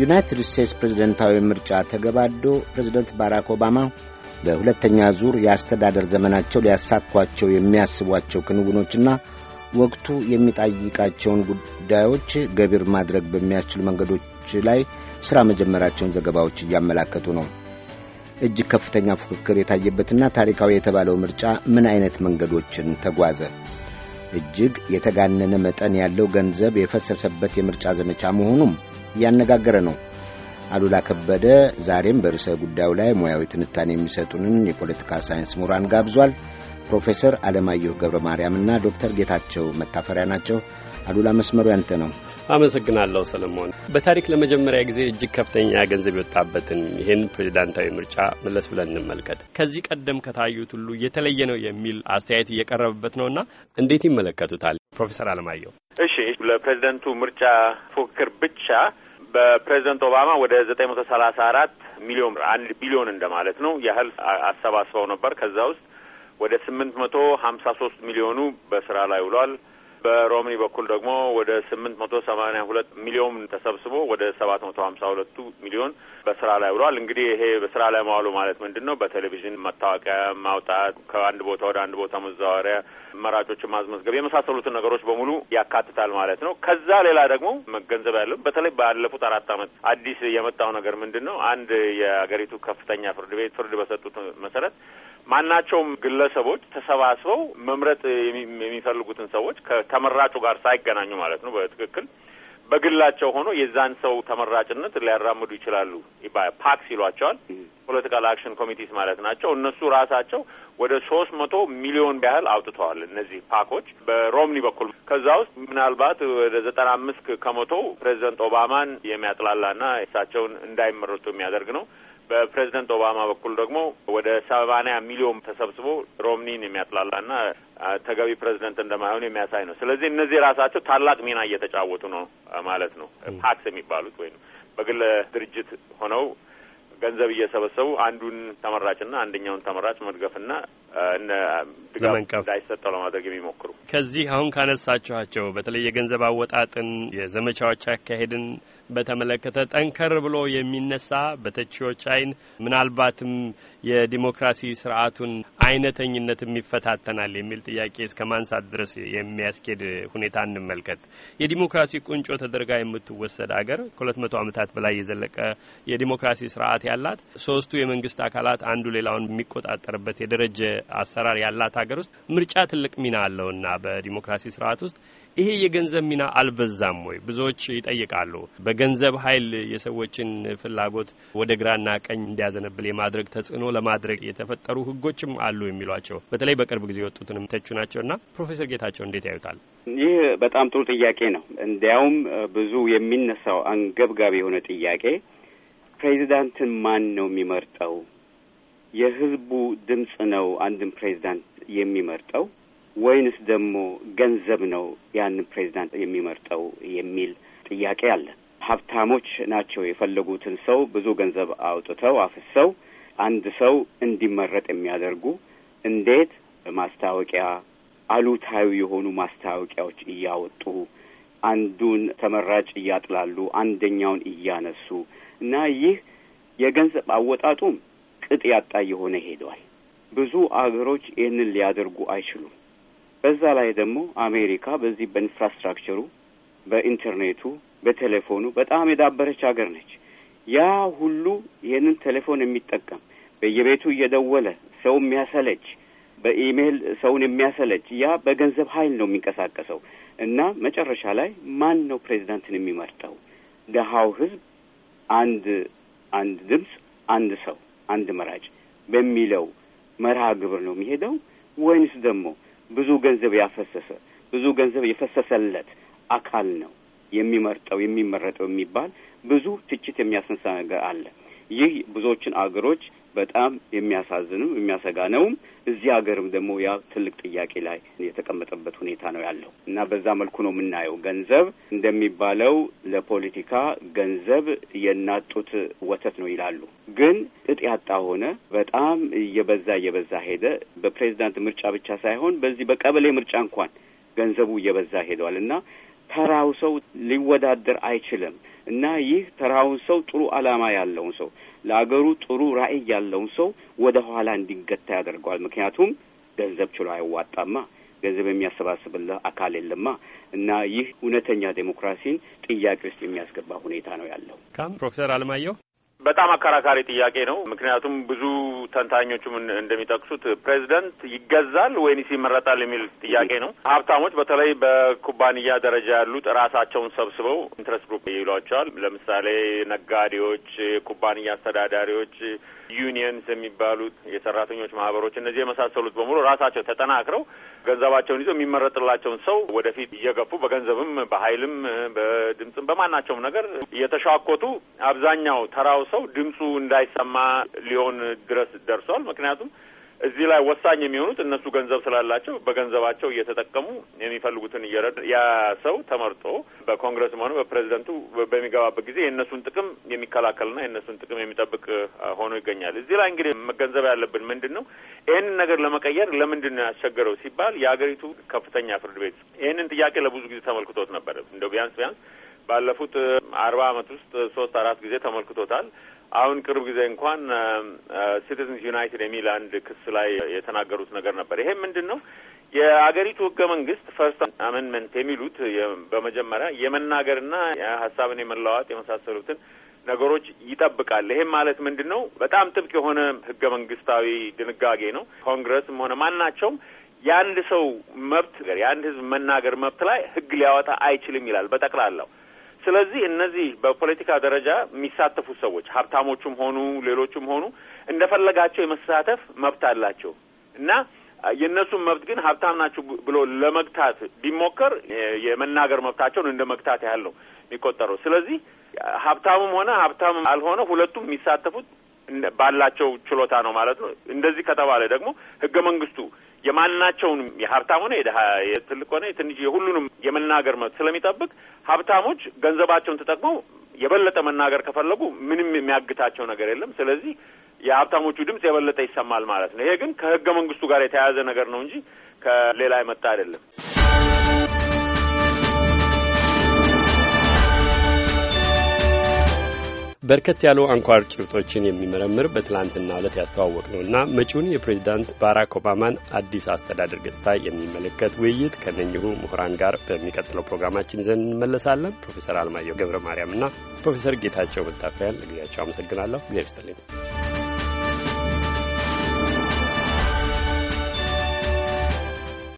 ዩናይትድ ስቴትስ ፕሬዝደንታዊ ምርጫ ተገባዶ ፕሬዝደንት ባራክ ኦባማ በሁለተኛ ዙር የአስተዳደር ዘመናቸው ሊያሳኳቸው የሚያስቧቸው ክንውኖችና ወቅቱ የሚጠይቃቸውን ጉዳዮች ገቢር ማድረግ በሚያስችሉ መንገዶች ላይ ሥራ መጀመራቸውን ዘገባዎች እያመላከቱ ነው። እጅግ ከፍተኛ ፉክክር የታየበትና ታሪካዊ የተባለው ምርጫ ምን አይነት መንገዶችን ተጓዘ? እጅግ የተጋነነ መጠን ያለው ገንዘብ የፈሰሰበት የምርጫ ዘመቻ መሆኑም እያነጋገረ ነው። አሉላ ከበደ ዛሬም በርዕሰ ጉዳዩ ላይ ሙያዊ ትንታኔ የሚሰጡንን የፖለቲካ ሳይንስ ምሁራን ጋብዟል። ፕሮፌሰር አለማየሁ ገብረ ማርያምና ዶክተር ጌታቸው መታፈሪያ ናቸው። አሉላ መስመሩ ያንተ ነው። አመሰግናለሁ ሰለሞን። በታሪክ ለመጀመሪያ ጊዜ እጅግ ከፍተኛ ገንዘብ የወጣበትን ይህን ፕሬዚዳንታዊ ምርጫ መለስ ብለን እንመልከት። ከዚህ ቀደም ከታዩት ሁሉ የተለየ ነው የሚል አስተያየት እየቀረበበት ነውና እንዴት ይመለከቱታል? ፕሮፌሰር አለማየሁ እሺ ለፕሬዚደንቱ ምርጫ ፉክክር ብቻ በፕሬዚደንት ኦባማ ወደ ዘጠኝ መቶ ሰላሳ አራት ሚሊዮን አንድ ቢሊዮን እንደማለት ነው ያህል አሰባስበው ነበር። ከዛ ውስጥ ወደ ስምንት መቶ ሀምሳ ሶስት ሚሊዮኑ በስራ ላይ ውሏል። በሮምኒ በኩል ደግሞ ወደ ስምንት መቶ ሰማኒያ ሁለት ሚሊዮን ተሰብስቦ ወደ ሰባት መቶ ሀምሳ ሁለቱ ሚሊዮን በስራ ላይ ውሏል። እንግዲህ ይሄ በስራ ላይ መዋሉ ማለት ምንድን ነው? በቴሌቪዥን መታወቂያ ማውጣት፣ ከአንድ ቦታ ወደ አንድ ቦታ መዘዋወሪያ መራጮችን ማስመዝገብ የመሳሰሉትን ነገሮች በሙሉ ያካትታል ማለት ነው። ከዛ ሌላ ደግሞ መገንዘብ ያለው በተለይ ባለፉት አራት ዓመት አዲስ የመጣው ነገር ምንድን ነው? አንድ የአገሪቱ ከፍተኛ ፍርድ ቤት ፍርድ በሰጡት መሰረት ማናቸውም ግለሰቦች ተሰባስበው መምረጥ የሚፈልጉትን ሰዎች ከተመራጩ ጋር ሳይገናኙ ማለት ነው በትክክል በግላቸው ሆኖ የዛን ሰው ተመራጭነት ሊያራምዱ ይችላሉ። ፓክ ይሏቸዋል። ፖለቲካል አክሽን ኮሚቴስ ማለት ናቸው። እነሱ ራሳቸው ወደ ሶስት መቶ ሚሊዮን ያህል አውጥተዋል። እነዚህ ፓኮች በሮምኒ በኩል ከዛ ውስጥ ምናልባት ወደ ዘጠና አምስት ከመቶ ፕሬዚደንት ኦባማን የሚያጥላላና እሳቸውን እንዳይመረጡ የሚያደርግ ነው። በፕሬዚደንት ኦባማ በኩል ደግሞ ወደ ሰማንያ ሚሊዮን ተሰብስቦ ሮምኒን የሚያጥላላና ተገቢ ፕሬዚደንት እንደማይሆን የሚያሳይ ነው። ስለዚህ እነዚህ ራሳቸው ታላቅ ሚና እየተጫወቱ ነው ማለት ነው። ፓክስ የሚባሉት ወይም በግል ድርጅት ሆነው ገንዘብ እየሰበሰቡ አንዱን ተመራጭና አንደኛውን ተመራጭ መድገፍና ድጋፍ እንዳይሰጠው ለማድረግ የሚሞክሩ ከዚህ አሁን ካነሳችኋቸው በተለይ የገንዘብ አወጣጥን፣ የዘመቻዎች አካሄድን በተመለከተ ጠንከር ብሎ የሚነሳ በተቺዎች አይን ምናልባትም የዲሞክራሲ ስርዓቱን አይነተኝነትም ይፈታተናል የሚል ጥያቄ እስከ ማንሳት ድረስ የሚያስኬድ ሁኔታ እንመልከት። የዲሞክራሲ ቁንጮ ተደርጋ የምትወሰድ አገር ከሁለት መቶ ዓመታት በላይ የዘለቀ የዲሞክራሲ ስርዓት ያላት ሶስቱ የመንግስት አካላት አንዱ ሌላውን የሚቆጣጠርበት የደረጀ አሰራር ያላት ሀገር ውስጥ ምርጫ ትልቅ ሚና አለውና በዲሞክራሲ ስርዓት ውስጥ ይሄ የገንዘብ ሚና አልበዛም ወይ? ብዙዎች ይጠይቃሉ። በገንዘብ ኃይል የሰዎችን ፍላጎት ወደ ግራና ቀኝ እንዲያዘነብል የማድረግ ተጽዕኖ ለማድረግ የተፈጠሩ ህጎችም አሉ የሚሏቸው በተለይ በቅርብ ጊዜ የወጡትንም ተቹ ናቸው ፕሮፌሰር ጌታቸው እንዴት ያዩታል? ይህ በጣም ጥሩ ጥያቄ ነው። እንዲያውም ብዙ የሚነሳው አንገብጋቢ የሆነ ጥያቄ ፕሬዚዳንትን ማን ነው የሚመርጠው የህዝቡ ድምፅ ነው አንድን ፕሬዚዳንት የሚመርጠው ወይንስ ደግሞ ገንዘብ ነው ያንን ፕሬዚዳንት የሚመርጠው የሚል ጥያቄ አለ። ሀብታሞች ናቸው የፈለጉትን ሰው ብዙ ገንዘብ አውጥተው አፍሰው አንድ ሰው እንዲመረጥ የሚያደርጉ እንዴት ማስታወቂያ አሉታዊ የሆኑ ማስታወቂያዎች እያወጡ አንዱን ተመራጭ እያጥላሉ፣ አንደኛውን እያነሱ እና ይህ የገንዘብ አወጣጡም ቅጥ ያጣ የሆነ ሄዷል። ብዙ አገሮች ይህንን ሊያደርጉ አይችሉም። በዛ ላይ ደግሞ አሜሪካ በዚህ በኢንፍራስትራክቸሩ፣ በኢንተርኔቱ፣ በቴሌፎኑ በጣም የዳበረች ሀገር ነች። ያ ሁሉ ይህንን ቴሌፎን የሚጠቀም በየቤቱ እየደወለ ሰው የሚያሰለች በኢሜይል ሰውን የሚያሰለች ያ በገንዘብ ኃይል ነው የሚንቀሳቀሰው እና መጨረሻ ላይ ማን ነው ፕሬዚዳንትን የሚመርጠው? ደሃው ህዝብ አንድ አንድ ድምፅ አንድ ሰው አንድ መራጭ በሚለው መርሃ ግብር ነው የሚሄደው ወይንስ ደግሞ ብዙ ገንዘብ ያፈሰሰ ብዙ ገንዘብ የፈሰሰለት አካል ነው የሚመርጠው የሚመረጠው የሚባል ብዙ ትችት የሚያስነሳ ነገር አለ። ይህ ብዙዎችን አገሮች በጣም የሚያሳዝንም የሚያሰጋ ነውም። እዚህ ሀገርም ደግሞ ያ ትልቅ ጥያቄ ላይ የተቀመጠበት ሁኔታ ነው ያለው እና በዛ መልኩ ነው የምናየው። ገንዘብ እንደሚባለው ለፖለቲካ ገንዘብ የናጡት ወተት ነው ይላሉ። ግን ጥጥ ያጣ ሆነ። በጣም እየበዛ እየበዛ ሄደ። በፕሬዚዳንት ምርጫ ብቻ ሳይሆን በዚህ በቀበሌ ምርጫ እንኳን ገንዘቡ እየበዛ ሄደዋል እና ተራው ሰው ሊወዳደር አይችልም እና ይህ ተራውን ሰው ጥሩ ዓላማ ያለውን ሰው ለአገሩ ጥሩ ራዕይ ያለውን ሰው ወደ ኋላ እንዲገታ ያደርገዋል። ምክንያቱም ገንዘብ ችሎ አይዋጣማ፣ ገንዘብ የሚያሰባስብልህ አካል የለማ እና ይህ እውነተኛ ዴሞክራሲን ጥያቄ ውስጥ የሚያስገባ ሁኔታ ነው ያለው። ካም ፕሮፌሰር አለማየሁ በጣም አከራካሪ ጥያቄ ነው። ምክንያቱም ብዙ ተንታኞቹም እንደሚጠቅሱት ፕሬዚደንት ይገዛል ወይንስ ይመረጣል የሚል ጥያቄ ነው። ሀብታሞች በተለይ በኩባንያ ደረጃ ያሉት ራሳቸውን ሰብስበው ኢንትረስት ግሩፕ ይሏቸዋል። ለምሳሌ ነጋዴዎች፣ ኩባንያ አስተዳዳሪዎች፣ ዩኒየንስ የሚባሉት የሰራተኞች ማህበሮች፣ እነዚህ የመሳሰሉት በሙሉ ራሳቸው ተጠናክረው ገንዘባቸውን ይዘው የሚመረጥላቸውን ሰው ወደፊት እየገፉ በገንዘብም፣ በሀይልም፣ በድምፅም በማናቸውም ነገር እየተሻኮቱ አብዛኛው ተራው ሰው ድምፁ እንዳይሰማ ሊሆን ድረስ ደርሷል። ምክንያቱም እዚህ ላይ ወሳኝ የሚሆኑት እነሱ ገንዘብ ስላላቸው በገንዘባቸው እየተጠቀሙ የሚፈልጉትን እየረዳ ያ ሰው ተመርጦ በኮንግረስም ሆነ በፕሬዚደንቱ በሚገባበት ጊዜ የእነሱን ጥቅም የሚከላከልና የእነሱን ጥቅም የሚጠብቅ ሆኖ ይገኛል። እዚህ ላይ እንግዲህ መገንዘብ ያለብን ምንድን ነው፣ ይህንን ነገር ለመቀየር ለምንድን ነው ያስቸገረው ሲባል የሀገሪቱ ከፍተኛ ፍርድ ቤት ይህንን ጥያቄ ለብዙ ጊዜ ተመልክቶት ነበር። እንደ ቢያንስ ቢያንስ ባለፉት አርባ አመት ውስጥ ሶስት አራት ጊዜ ተመልክቶታል። አሁን ቅርብ ጊዜ እንኳን ሲቲዝንስ ዩናይትድ የሚል አንድ ክስ ላይ የተናገሩት ነገር ነበር። ይሄ ምንድን ነው? የአገሪቱ ህገ መንግስት ፈርስት አሜንመንት የሚሉት በመጀመሪያ የመናገርና ሀሳብን የመለዋወጥ የመሳሰሉትን ነገሮች ይጠብቃል። ይሄም ማለት ምንድን ነው? በጣም ጥብቅ የሆነ ህገ መንግስታዊ ድንጋጌ ነው። ኮንግረስም ሆነ ማናቸውም የአንድ ሰው መብት የአንድ ህዝብ መናገር መብት ላይ ህግ ሊያወጣ አይችልም ይላል በጠቅላላው ስለዚህ እነዚህ በፖለቲካ ደረጃ የሚሳተፉ ሰዎች ሀብታሞቹም ሆኑ ሌሎቹም ሆኑ እንደፈለጋቸው የመሳተፍ መብት አላቸው እና የእነሱን መብት ግን ሀብታም ናቸው ብሎ ለመግታት ቢሞከር የመናገር መብታቸውን እንደ መግታት ያህል ነው የሚቆጠረው። ስለዚህ ሀብታምም ሆነ ሀብታም አልሆነ ሁለቱም የሚሳተፉት ባላቸው ችሎታ ነው ማለት ነው። እንደዚህ ከተባለ ደግሞ ህገ መንግስቱ የማናቸውን የሀብታም ሆነ የድሀ የትልቅ ሆነ የትንሽ የሁሉንም የመናገር መብት ስለሚጠብቅ ሀብታሞች ገንዘባቸውን ተጠቅመው የበለጠ መናገር ከፈለጉ ምንም የሚያግታቸው ነገር የለም። ስለዚህ የሀብታሞቹ ድምጽ የበለጠ ይሰማል ማለት ነው። ይሄ ግን ከህገ መንግስቱ ጋር የተያያዘ ነገር ነው እንጂ ከሌላ የመጣ አይደለም። በርከት ያሉ አንኳር ጭብጦችን የሚመረምር በትላንትና ዕለት ያስተዋወቅ ነውና መጪውን የፕሬዚዳንት ባራክ ኦባማን አዲስ አስተዳደር ገጽታ የሚመለከት ውይይት ከነኚሁ ምሁራን ጋር በሚቀጥለው ፕሮግራማችን ዘንድ እንመለሳለን። ፕሮፌሰር አለማየሁ ገብረ ማርያምና ፕሮፌሰር ጌታቸው መታፈሪያን ለጊዜያቸው አመሰግናለሁ። እግዚአብሔር ይስጥልኝ።